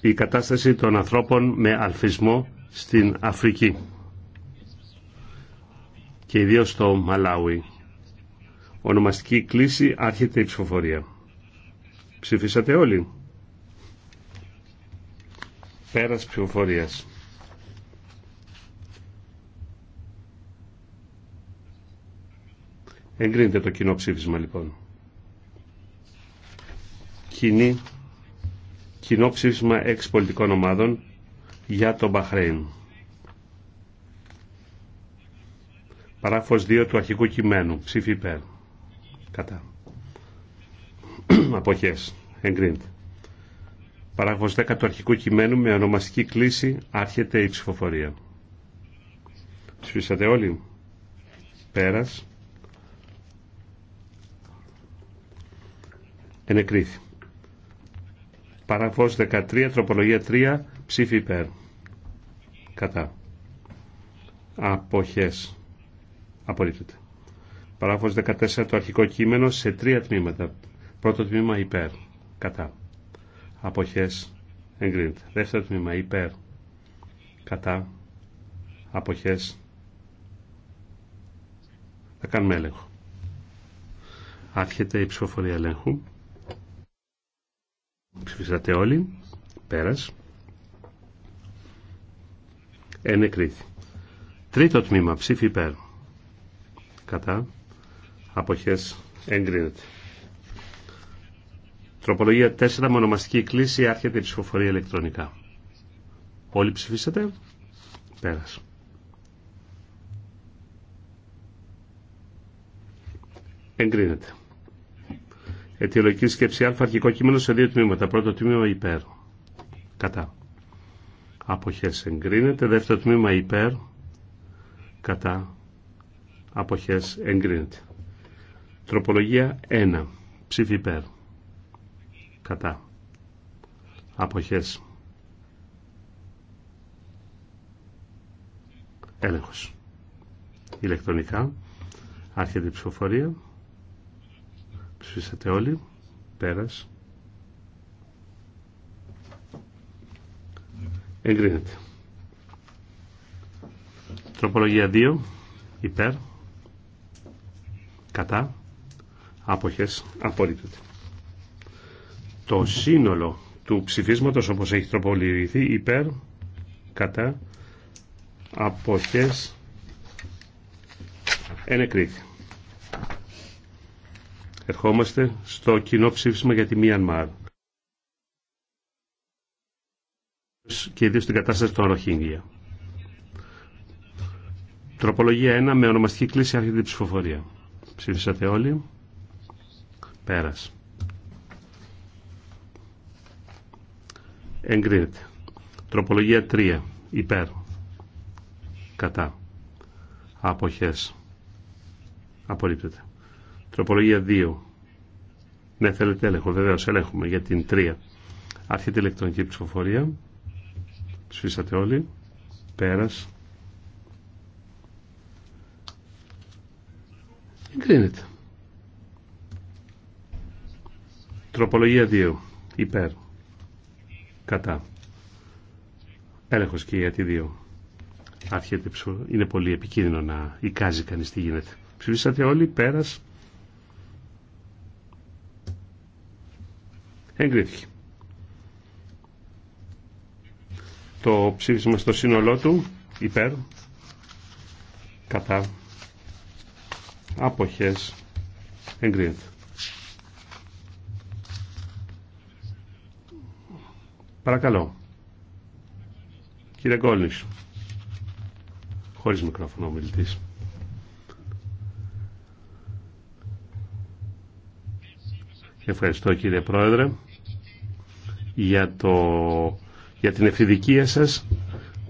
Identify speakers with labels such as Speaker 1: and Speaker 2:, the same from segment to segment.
Speaker 1: η κατάσταση των ανθρώπων με αλφισμό στην Αφρική και ιδίως στο Μαλάουι. Ονομαστική κλίση άρχεται η ψηφοφορία. Ψηφίσατε όλοι. Πέρας ψηφοφορίας. Εγκρίνεται το κοινό ψήφισμα λοιπόν. Κοινή κοινό ψήφισμα έξι πολιτικών ομάδων για τον Μπαχρέιν. Παράφος 2 του αρχικού κειμένου. Ψήφι υπέρ. Κατά. Αποχές. Εγκρίνεται. Παράγραφος 10 του αρχικού κειμένου με ονομαστική κλίση άρχεται η ψηφοφορία. Ψηφίσατε όλοι. Πέρας. Ενεκρίθη. Παράγραφος 13, τροπολογία 3, ψήφι υπέρ. Κατά. Αποχές. Απορρίπτεται. Παράγραφος 14, το αρχικό κείμενο σε τρία τμήματα. Πρώτο τμήμα υπέρ. Κατά. Αποχές. Εγκρίνεται. Δεύτερο τμήμα υπέρ. Κατά. Αποχές. Θα κάνουμε έλεγχο. Άρχεται η ψηφοφορία ελέγχου. Ψηφίσατε όλοι. Πέρας. Ενεκρίθη. Τρίτο τμήμα. Ψήφι υπέρ. Κατά. Αποχές εγκρίνεται. Τροπολογία 4. Μονομαστική κλίση. Άρχεται η ψηφοφορία ηλεκτρονικά. Όλοι ψηφίσατε. Πέρας. Εγκρίνεται. Αιτιολογική σκέψη α, αρχικό κείμενο σε δύο τμήματα. Πρώτο τμήμα υπέρ. Κατά. Αποχές εγκρίνεται. Δεύτερο τμήμα υπέρ. Κατά. Αποχές εγκρίνεται. Τροπολογία 1. Ψήφι υπέρ. Κατά. Αποχές. Έλεγχος. Ηλεκτρονικά. Άρχεται η ψηφοφορία. Ψηφίσατε όλοι. Πέρας. Εγκρίνεται. Τροπολογία 2. Υπέρ. Κατά. Άποχες. Απορρίπτεται. Το σύνολο του ψηφίσματος όπως έχει τροπολογηθεί υπέρ. Κατά. Αποχές. Ενεκρίθη ερχόμαστε στο κοινό ψήφισμα για τη Μιανμάρ και ιδίω την κατάσταση των Ροχίνγκια. Τροπολογία 1 με ονομαστική κλίση άρχεται την ψηφοφορία. Ψήφισατε όλοι. Πέρας. Εγκρίνεται. Τροπολογία 3. Υπέρ. Κατά. Αποχές. Απορρίπτεται. Τροπολογία 2. Ναι, θέλετε έλεγχο, βεβαίω ελέγχουμε για την 3. Αρχίτε ηλεκτρονική ψηφοφορία. Ψηφίσατε όλοι. πέρα. Εγκρίνεται. Τροπολογία 2. Υπέρ. Κατά. Έλεγχος και για τη 2. Άρχεται, είναι πολύ επικίνδυνο να εικάζει κανείς τι γίνεται. Ψηφίσατε όλοι. Πέρας. Εγκρίθηκε. Το ψήφισμα στο σύνολό του υπέρ κατά αποχές εγκρίνεται. Παρακαλώ. Κύριε Γκόλνης. Χωρίς μικρόφωνο ο μιλητής. Ευχαριστώ κύριε Πρόεδρε για, το, για την ευθυδικία σας.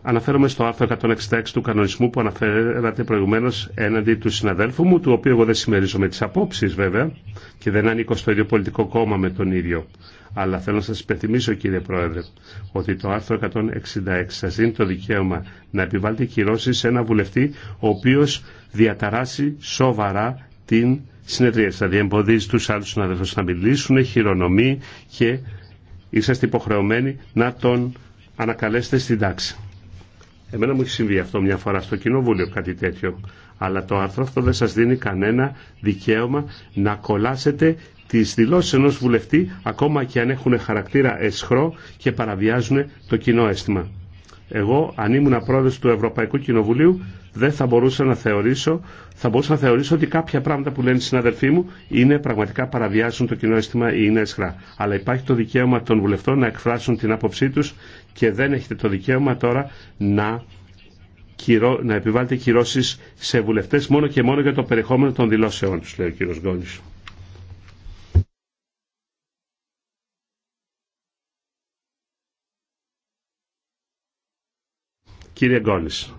Speaker 1: Αναφέρομαι στο άρθρο 166 του κανονισμού που αναφέρατε προηγουμένως έναντι του συναδέλφου μου, του οποίου εγώ δεν συμμερίζομαι τις απόψεις βέβαια και δεν ανήκω στο ίδιο πολιτικό κόμμα με τον ίδιο. Αλλά θέλω να σας υπενθυμίσω κύριε Πρόεδρε ότι το άρθρο 166 σας δίνει το δικαίωμα να επιβάλλετε κυρώσει σε ένα βουλευτή ο οποίος διαταράσει σοβαρά την συνεδρία. Δηλαδή εμποδίζει τους άλλους συναδέλφου, να μιλήσουν, χειρονομεί και είσαστε υποχρεωμένοι να τον ανακαλέσετε στην τάξη. Εμένα μου έχει συμβεί αυτό μια φορά στο κοινοβούλιο κάτι τέτοιο. Αλλά το άρθρο αυτό δεν σας δίνει κανένα δικαίωμα να κολλάσετε τις δηλώσεις ενός βουλευτή ακόμα και αν έχουν χαρακτήρα εσχρό και παραβιάζουν το κοινό αίσθημα. Εγώ αν ήμουν πρόεδρος του Ευρωπαϊκού Κοινοβουλίου δεν θα μπορούσα να θεωρήσω, θα μπορούσα να θεωρήσω ότι κάποια πράγματα που λένε οι συναδελφοί μου είναι πραγματικά παραβιάζουν το κοινό αίσθημα ή είναι αισχρά. Αλλά υπάρχει το δικαίωμα των βουλευτών να εκφράσουν την άποψή τους και δεν έχετε το δικαίωμα τώρα να να επιβάλλετε κυρώσει σε βουλευτέ μόνο και μόνο για το περιεχόμενο των δηλώσεών του, λέει ο κύριο Γκόνη. Κύριε Γκόνης,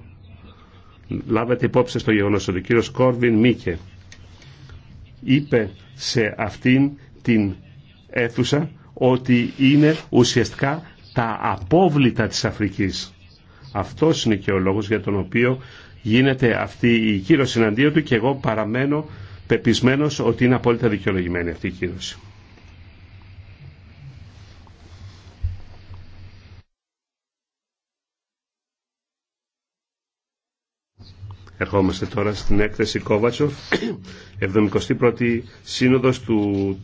Speaker 1: λάβετε υπόψη στο γεγονός ότι ο κύριος Κόρβιν Μίκε είπε σε αυτήν την αίθουσα ότι είναι ουσιαστικά τα απόβλητα της Αφρικής. Αυτός είναι και ο λόγος για τον οποίο γίνεται αυτή η κύρωση εναντίον του και εγώ παραμένω πεπισμένος ότι είναι απόλυτα δικαιολογημένη αυτή η κύρωση. Ερχόμαστε τώρα στην έκθεση Κόβατσοφ, 71η Σύνοδος του,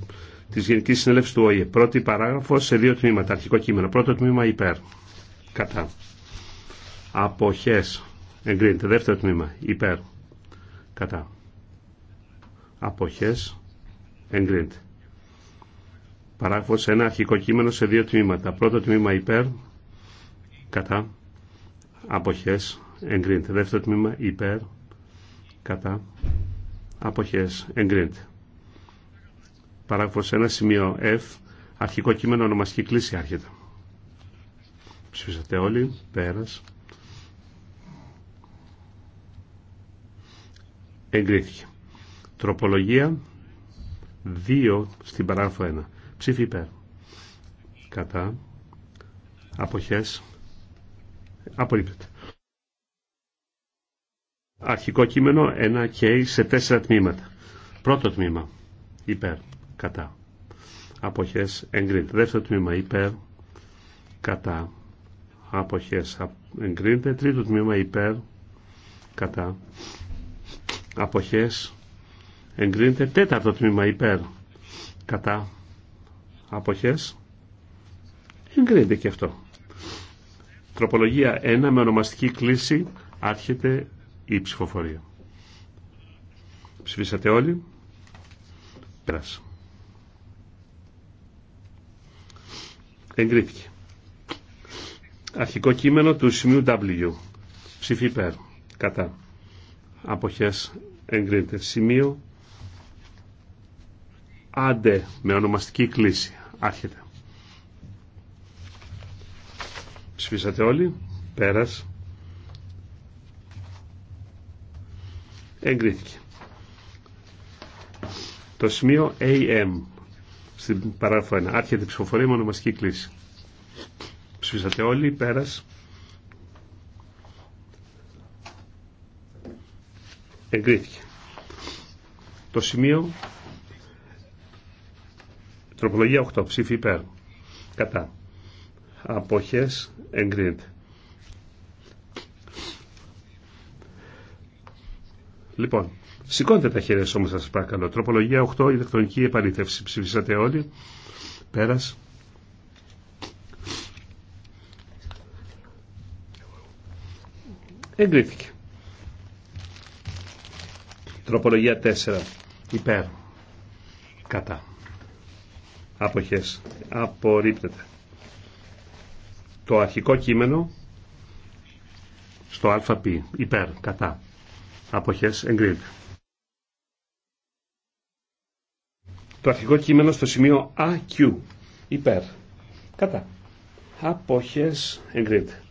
Speaker 1: της Γενικής Συνέλευσης του ΟΗΕ. Πρώτη παράγραφος σε δύο τμήματα, αρχικό κείμενο. Πρώτο τμήμα υπέρ, κατά. Αποχές, εγκρίνεται. Δεύτερο τμήμα, υπέρ, κατά. Αποχές, εγκρίνεται. Παράγραφος ένα αρχικό κείμενο σε δύο τμήματα. Πρώτο τμήμα υπέρ, κατά. Αποχές, εγκρίνεται. Δεύτερο τμήμα υπέρ, κατά, αποχές, εγκρίνεται. Παράγραφος 1, σημείο F, αρχικό κείμενο ονομαστική κλίση άρχεται. Ψηφίσατε όλοι, πέρας. Εγκρίθηκε. Τροπολογία 2 στην παράγραφο 1. Ψήφι υπέρ. Κατά. Αποχές. Απορρίπτεται αρχικό κείμενο ένα και σε τέσσερα τμήματα. Πρώτο τμήμα υπέρ, κατά. Αποχές εγκρίνεται. Δεύτερο τμήμα υπέρ, κατά. Αποχές εγκρίνεται. Τρίτο τμήμα υπέρ, κατά. Αποχές εγκρίνεται. Τέταρτο τμήμα υπέρ, κατά. Αποχές εγκρίνεται και αυτό. Τροπολογία 1 με ονομαστική κλίση άρχεται η ψηφοφορία. Ψηφίσατε όλοι. Πέρασε. Εγκρίθηκε. Αρχικό κείμενο του σημείου W. Ψήφι υπέρ. Κατά. Αποχές εγκρίνεται. Σημείο άντε με ονομαστική κλίση. Άρχεται. Ψηφίσατε όλοι. Πέρας. εγκρίθηκε. Το σημείο AM στην παράγραφο 1. Άρχεται η ψηφοφορία με ονομαστική κλίση. Ψηφίσατε όλοι, πέρας. Εγκρίθηκε. Το σημείο τροπολογία 8. Ψήφι υπέρ. Κατά. Αποχές εγκρίνεται. Λοιπόν, σηκώντε τα χέρια όμως σας παρακαλώ. Τροπολογία 8, ηλεκτρονική επαλήθευση. Ψηφίσατε όλοι. Πέρας. Εγκρίθηκε. Τροπολογία 4. Υπέρ. Κατά. Αποχές. Απορρίπτεται. Το αρχικό κείμενο στο ΑΠ. Υπέρ. Κατά αποχές εγκρίνεται. Το αρχικό κείμενο στο σημείο AQ υπέρ κατά αποχές εγκρίνεται.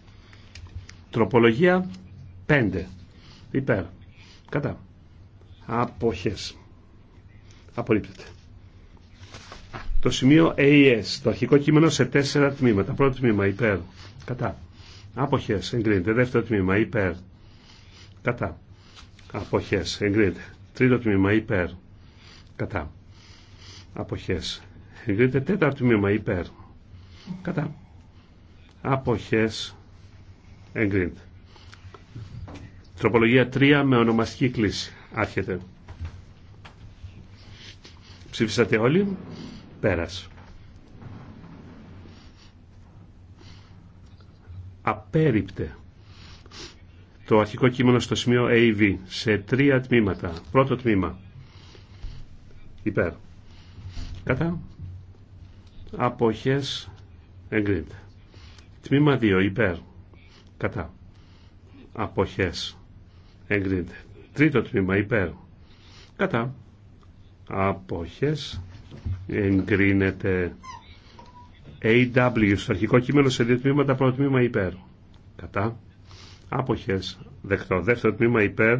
Speaker 1: Τροπολογία 5 υπέρ κατά αποχές απορρίπτεται. Το σημείο AES, το αρχικό κείμενο σε τέσσερα τμήματα. Πρώτο τμήμα υπέρ, κατά. Άποχες, εγκρίνεται. Δεύτερο τμήμα υπέρ, κατά. Αποχές. Εγκρίνεται. Τρίτο τμήμα υπέρ. Κατά. Αποχές. Εγκρίνεται τέταρτο τμήμα υπέρ. Κατά. Αποχές. Εγκρίνεται. Τροπολογία 3 με ονομαστική κλίση. Άρχεται. Ψήφισατε όλοι. Πέρας. Απέριπτε το αρχικό κείμενο στο σημείο AV σε τρία τμήματα. Πρώτο τμήμα. Υπέρ. Κατά. Αποχές εγκρίνεται. Τμήμα 2. Υπέρ. Κατά. Αποχές εγκρίνεται. Τρίτο τμήμα. Υπέρ. Κατά. Αποχές εγκρίνεται. AW στο αρχικό κείμενο σε δύο τμήματα. Πρώτο τμήμα υπέρ. Κατά. Αποχές. Δεκτό. Δεύτερο τμήμα υπέρ.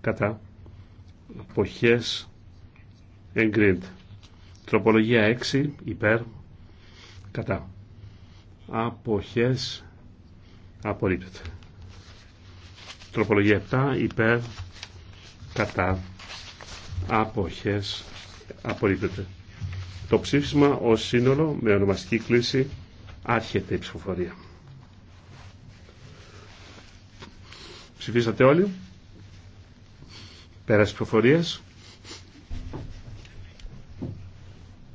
Speaker 1: Κατά. Αποχές. Εγκρίνεται. Τροπολογία 6 υπέρ. Κατά. Αποχές. Απορρίπτεται. Τροπολογία 7 υπέρ. Κατά. Αποχές. Απορρίπτεται. Το ψήφισμα ως σύνολο με ονομαστική κλίση άρχεται η ψηφοφορία. Ψηφίσατε όλοι. Πέρασε προφορία.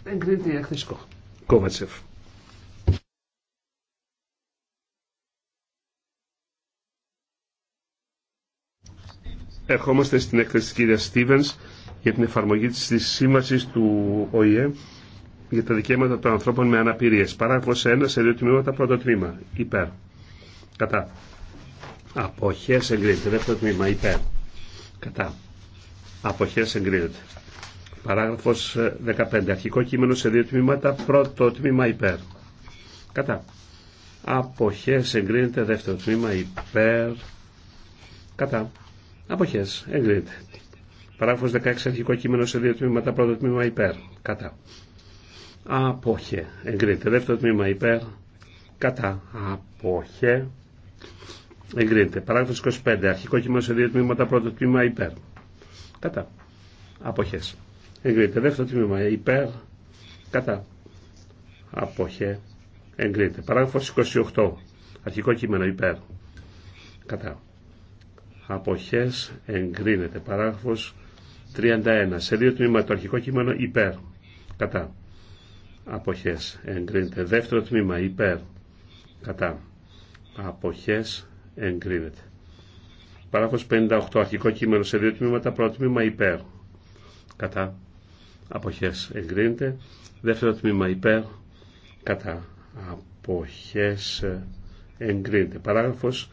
Speaker 1: Εγκρίνεται η αχθιστικό. Κόμετσεφ. Ερχόμαστε στην έκθεση της κυρίας Στίβενς για την εφαρμογή της σύμβασης του ΟΗΕ για τα δικαιώματα των ανθρώπων με αναπηρίες. Παράγραφος 1 σε δύο τμήματα πρώτο τμήμα. Υπέρ. Κατά. Αποχές εγκρίνεται. Δεύτερο τμήμα υπέρ. Κατά. Αποχές εγκρίνεται. Παράγραφος 15. Ε, Αρχικό κείμενο σε δύο τμήματα. Πρώτο τμήμα υπέρ. Κατά. Αποχές εγκρίνεται. Δεύτερο τμήμα υπέρ. Κατά. Αποχές εγκρίνεται. Παράγραφος 16. Αρχικό κείμενο σε δύο τμήματα. Πρώτο τμήμα υπέρ. Κατά. Αποχέ εγκρίνεται. Δεύτερο τμήμα υπέρ. Κατά. Αποχέ Εγκρίνεται. Παράγραφος 25. Αρχικό κείμενο σε δύο τμήματα. Πρώτο τμήμα υπέρ. Κατά. Αποχές. Εγκρίνεται. Δεύτερο τμήμα υπέρ. Κατά. Αποχέ. Εγκρίνεται. Παράγραφος 28. Αρχικό κείμενο υπέρ. Κατά. Αποχές. Εγκρίνεται. Παράγραφος 31. Σε δύο τμήματα. Το αρχικό κείμενο υπέρ. Κατά. Αποχές. Εγκρίνεται. Δεύτερο τμήμα υπέρ. Κατά. Αποχές εγκρίνεται. Παράγραφος 58. Αρχικό κείμενο σε δύο τμήματα. Πρώτο τμήμα υπέρ. Κατά. Αποχές εγκρίνεται. Δεύτερο τμήμα υπέρ. Κατά. Αποχές εγκρίνεται. Παράγραφος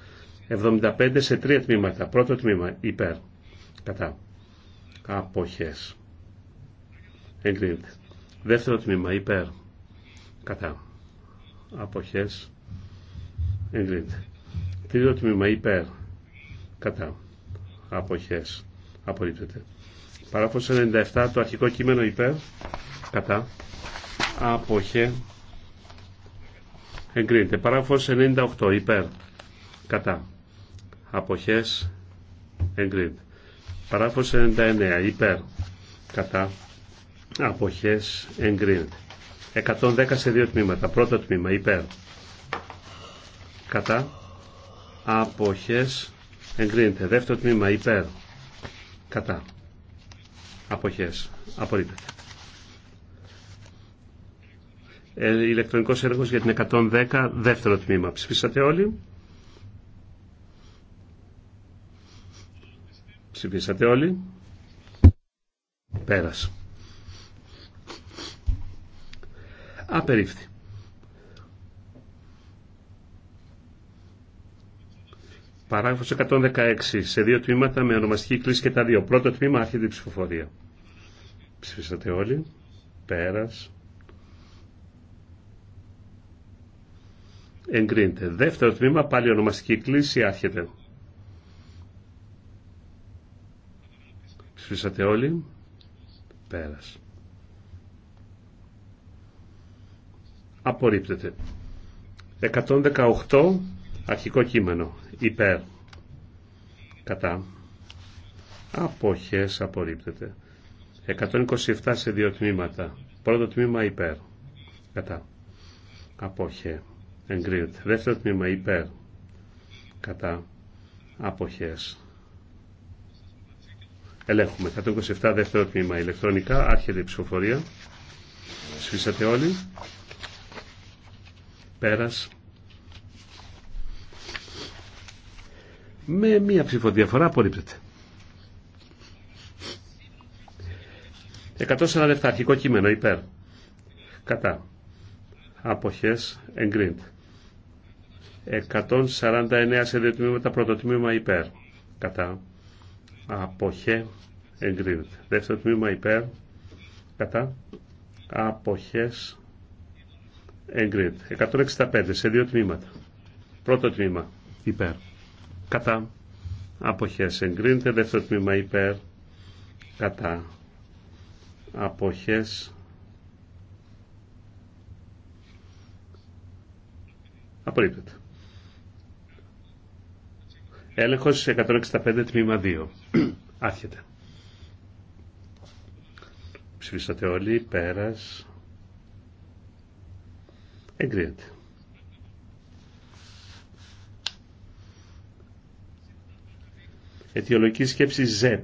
Speaker 1: 75 σε τρία τμήματα. Πρώτο τμήμα υπέρ. Κατά. Αποχές. Εγκρίνεται. Δεύτερο τμήμα υπέρ. Κατά. Αποχές. Εγκρίνεται. Τρίτο τμήμα υπέρ. Κατά. Αποχές. Απορρίπτεται. παράφορο 97. Το αρχικό κείμενο υπέρ. Κατά. Αποχέ. Εγκρίνεται. παράφορο 98. Υπέρ. Κατά. Αποχές. Εγκρίνεται. παράφορο 99. Υπέρ. Κατά. Αποχές. Εγκρίνεται. 110 σε δύο τμήματα. Πρώτο τμήμα. Υπέρ. Κατά αποχές εγκρίνεται. Δεύτερο τμήμα υπέρ κατά αποχές απορρίπτεται. Ε, ηλεκτρονικός έργος για την 110 δεύτερο τμήμα. Ψηφίσατε όλοι. Ψηφίσατε όλοι. Πέρασε. Απερίφθη. Παράγραφος 116. Σε δύο τμήματα με ονομαστική κλίση και τα δύο. Πρώτο τμήμα άρχεται η ψηφοφορία. Ψηφίσατε όλοι. Πέρας. Εγκρίνεται. Δεύτερο τμήμα πάλι ονομαστική κλίση άρχεται. Ψηφίσατε όλοι. Πέρας. Απορρίπτεται. 118 Αρχικό κείμενο. Υπέρ. Κατά. Αποχές απορρίπτεται. 127 σε δύο τμήματα. Πρώτο τμήμα υπέρ. Κατά. Απόχε. Εγκρίνεται. Δεύτερο τμήμα υπέρ. Κατά. Αποχές. Ελέγχουμε. 127 δεύτερο τμήμα. Ηλεκτρονικά. Άρχεται η ψηφοφορία. Σφίσατε όλοι. Πέρας. Με μία ψηφοδιαφορά απορρίπτεται. 147 αρχικό κείμενο υπέρ. Κατά. Αποχές εγκρίνεται. 149 σε δύο τμήματα πρώτο τμήμα υπέρ. Κατά. Αποχέ εγκρίνεται. Δεύτερο τμήμα υπέρ. Κατά. Αποχές εγκρίνεται. 165 σε δύο τμήματα. Πρώτο τμήμα υπέρ κατά αποχές εγκρίνεται δεύτερο τμήμα υπέρ κατά αποχές απορρίπτεται έλεγχος 165 τμήμα 2 άρχεται ψηφίσατε όλοι πέρας εγκρίνεται Αιτιολογική σκέψη Z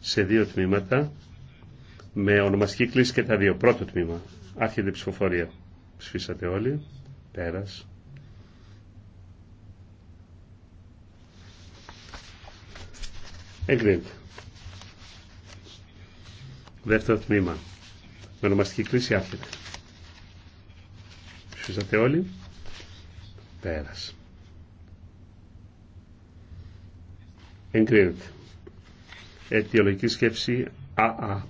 Speaker 1: σε δύο τμήματα με ονομαστική κλίση και τα δύο. Πρώτο τμήμα. Άρχεται η ψηφοφορία. Ψηφίσατε όλοι. Πέρας. Εγκρίνεται. Δεύτερο τμήμα. Με ονομαστική κλίση άρχεται. Ψηφίσατε όλοι. Πέρας. εγκρίνεται. Αιτιολογική σκέψη ΑΑ.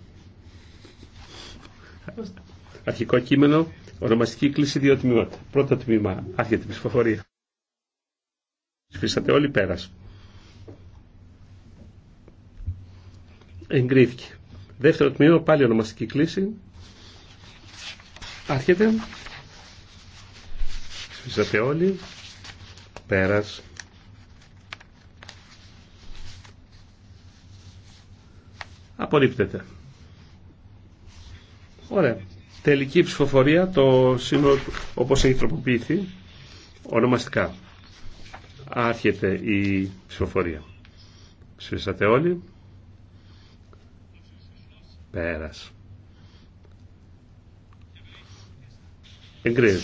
Speaker 1: Αρχικό κείμενο, ονομαστική κλίση δύο τμήματα. Πρώτο τμήμα, άρχεται η ψηφοφορία. Σφίσατε όλοι πέρας. Εγκρίθηκε. Δεύτερο τμήμα, πάλι ονομαστική κλίση. Άρχεται. Σφίσατε όλοι. Πέρας. Απορρίπτεται. Ωραία. Τελική ψηφοφορία, το σύνολο όπως έχει τροποποιηθεί, ονομαστικά. Άρχεται η ψηφοφορία. Ψηφίσατε όλοι. Πέρας. Εγκρίνεται.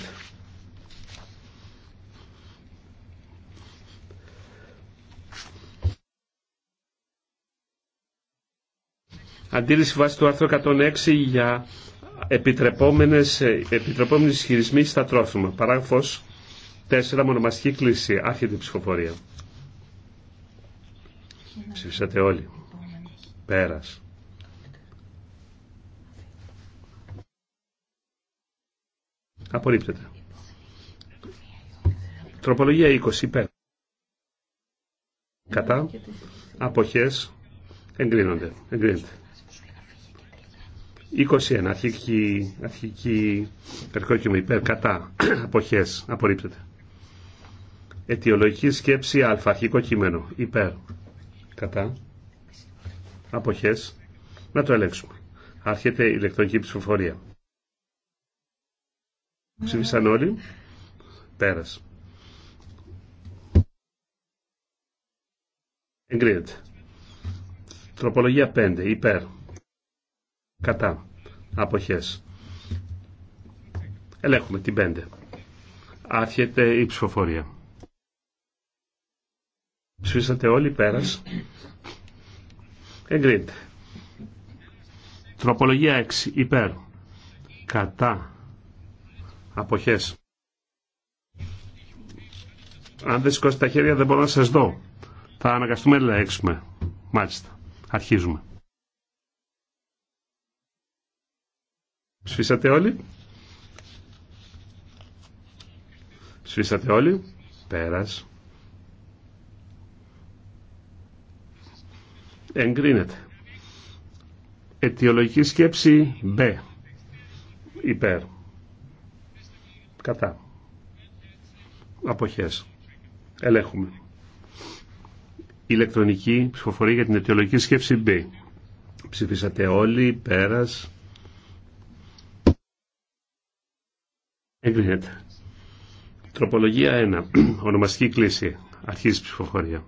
Speaker 1: αντίληψη βάσει του άρθρου 106 για επιτρεπόμενες, επιτρεπόμενες ισχυρισμοί στα τρόφιμα. Παράγραφος 4 μονομαστική κλίση. Άρχεται η ψηφοφορία. Ψηφίσατε όλοι. Πέρας. Απορρίπτεται. Τροπολογία 20 Κατά. Αποχές. Εγκρίνονται. 21. Αρχική, αρχική περκόκιμο υπέρ κατά αποχές. Απορρίπτεται. Αιτιολογική σκέψη α. Αρχικό κείμενο. Υπέρ. Κατά. Αποχές. Να το ελέγξουμε. Άρχεται η ηλεκτρονική ψηφοφορία. Ψήφισαν όλοι. Πέρασε. Εγκρίνεται. Τροπολογία 5. Υπέρ κατά αποχές. Ελέγχουμε την 5. Άρχεται η ψηφοφορία. Ψήφισατε όλοι πέρας. Εγκρίνεται. Τροπολογία 6. Υπέρ. Κατά. Αποχές. Αν δεν σηκώσετε τα χέρια δεν μπορώ να σας δω. Θα αναγκαστούμε να ελέγξουμε. Μάλιστα. Αρχίζουμε. Ψηφίσατε όλοι. Ψηφίσατε όλοι. Πέρας. Εγκρίνεται. Αιτιολογική σκέψη B. Υπέρ. Κατά. Αποχές. Ελέγχουμε. Ηλεκτρονική ψηφοφορία για την αιτιολογική σκέψη B. Ψηφίσατε όλοι. Πέρας. Εγκρίνεται. Τροπολογία 1. Ονομαστική κλίση. Αρχίζει η ψηφοφορία.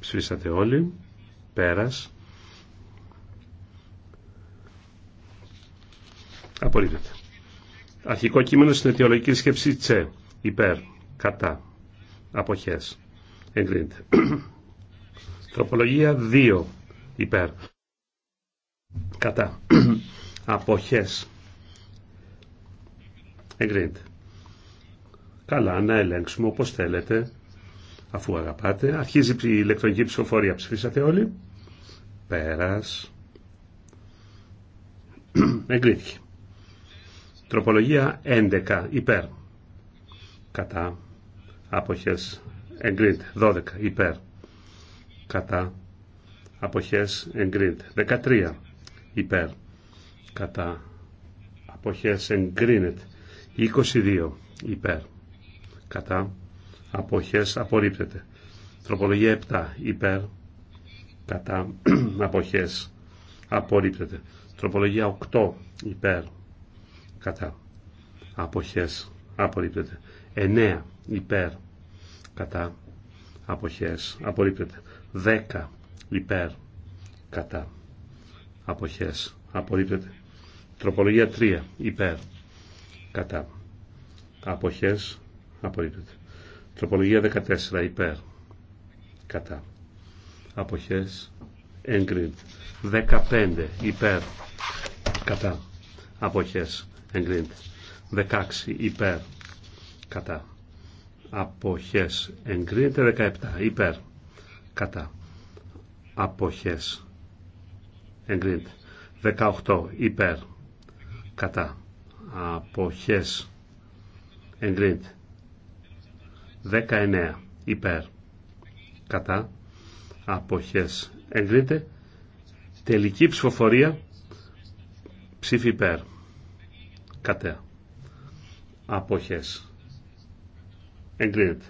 Speaker 1: Ψηφίσατε όλοι. Πέρας. Απορρίβεται. Αρχικό κείμενο στην αιτιολογική σκέψη τσε. Υπέρ. Κατά. Αποχές. Εγκρίνεται. Τροπολογία 2. Υπέρ. Κατά. αποχές εγκρίνεται καλά να ελέγξουμε όπως θέλετε αφού αγαπάτε αρχίζει η ηλεκτρονική ψηφοφορία ψηφίσατε όλοι πέρας Εγκρίντη. τροπολογία 11 υπέρ κατά αποχές εγκρίνεται 12 υπέρ κατά αποχές εγκρίνεται 13 υπέρ κατά αποχές εγκρίνεται 22 υπέρ κατά αποχές απορρίπτεται τροπολογία 7 υπέρ κατά αποχές απορρίπτεται τροπολογία 8 υπέρ κατά αποχές απορρίπτεται 9 υπέρ κατά αποχές απορρίπτεται 10 υπέρ κατά αποχές απορρίπτεται Τροπολογία 3. Υπέρ. Κατά. Αποχές. Απορρίπτεται. Τροπολογία 14. Υπέρ. Κατά. Αποχές. Εγκρίνεται. 15. Υπέρ. Κατά. Αποχές. Εγκρίνεται. 16. Υπέρ. Κατά. Αποχές. Εγκρίνεται. 17. Υπέρ. Κατά. Αποχές. Εγκρίνεται. 18. Υπέρ κατά αποχές εγκρίνεται 19 υπέρ κατά αποχές εγκρίνεται τελική ψηφοφορία ψήφι υπέρ κατά αποχές εγκρίνεται